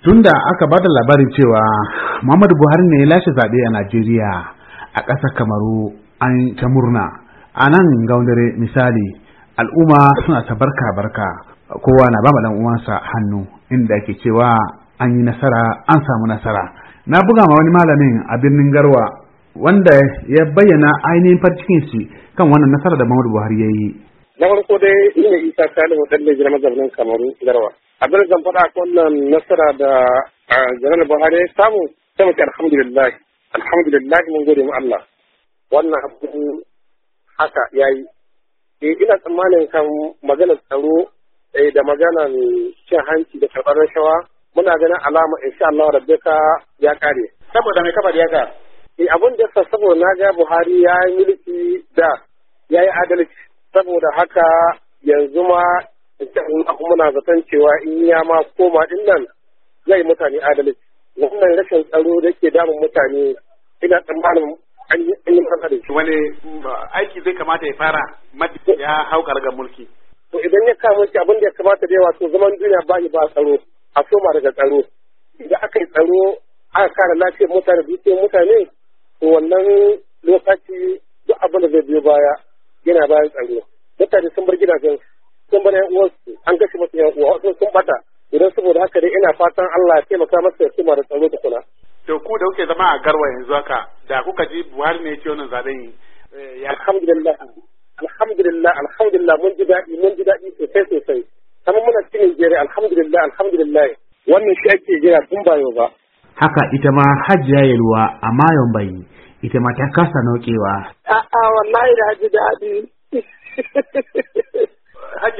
tunda aka bada labarin cewa muhammadu buhari ne ya lashe zaɓe a najeriya a ƙasar kamaru an ta murna a nan gaundare misali al'umma suna ta barka barka kowa na ba dan uwansa hannu inda ke cewa an yi nasara an samu nasara na buga ma wani malamin a birnin garwa wanda ya bayyana ainihin farcikin shi kan wannan nasara da muhammadu buhari ya yi na farko dai ina isa salihu dan ne jira zamanin kamaru garwa abin zan faɗa wannan nasara da janar uh, buhari ya samu sai mu alhamdulillah alhamdulillah mun gode mu Allah wannan abu haka yayi yi. Eh, ina tsammanin kan maganar tsaro eh, da maganar cin hanci da karɓar rashawa muna ganin alama insha Allah rabbika ya kare saboda mai kafa ya ga eh abin da yasa saboda na ga Buhari ya yi mulki da ya yi adalci saboda haka yanzu ma in Allah muna zaton cewa in ya ma koma din nan zai mutane adalci wannan rashin tsaro da ke damun mutane ina tsammanin an yi fasa da shi wani aiki zai kamata ya fara mati ya hau ga mulki to idan ya kama shi abin da ya kamata da yawa to zaman duniya ba ba tsaro a soma daga tsaro idan aka yi tsaro aka kare lafiyar mutane dukiyar mutane to wannan lokaci duk abin da zai biyo baya yana bayan tsaro mutane sun bar gidajensu kuma na yan uwansu an kashe musu yan uwa wasu sun bata idan saboda haka dai ina fatan Allah ya taimaka masa ya kuma da tsaro da kula to ku da kuke zama a garwa yanzu haka da kuka ji Buhari ne ya ce wannan zaben yi eh, alhamdulillah alhamdulillah alhamdulillah mun ji daɗi mun ji daɗi sosai sosai kamar muna cikin jere alhamdulillah alhamdulillah wannan shi ake jira tun ba yau ba haka ita ma hajjiya yalwa a mayon bayi ita ma ta kasa naukewa a'a wallahi da hajji daɗi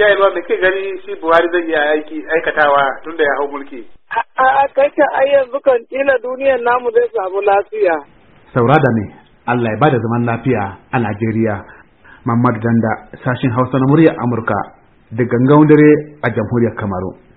ya yalwa mai ke gani shi buhari zai yi aiki aikatawa tun da ya hau mulki a kanka ai yanzu kan kila duniyar namu zai samu lafiya saura da ne allah ya bada zaman lafiya a najeriya mamadu danda sashin hausa na muryar amurka da gangan dare a jamhuriyar kamaru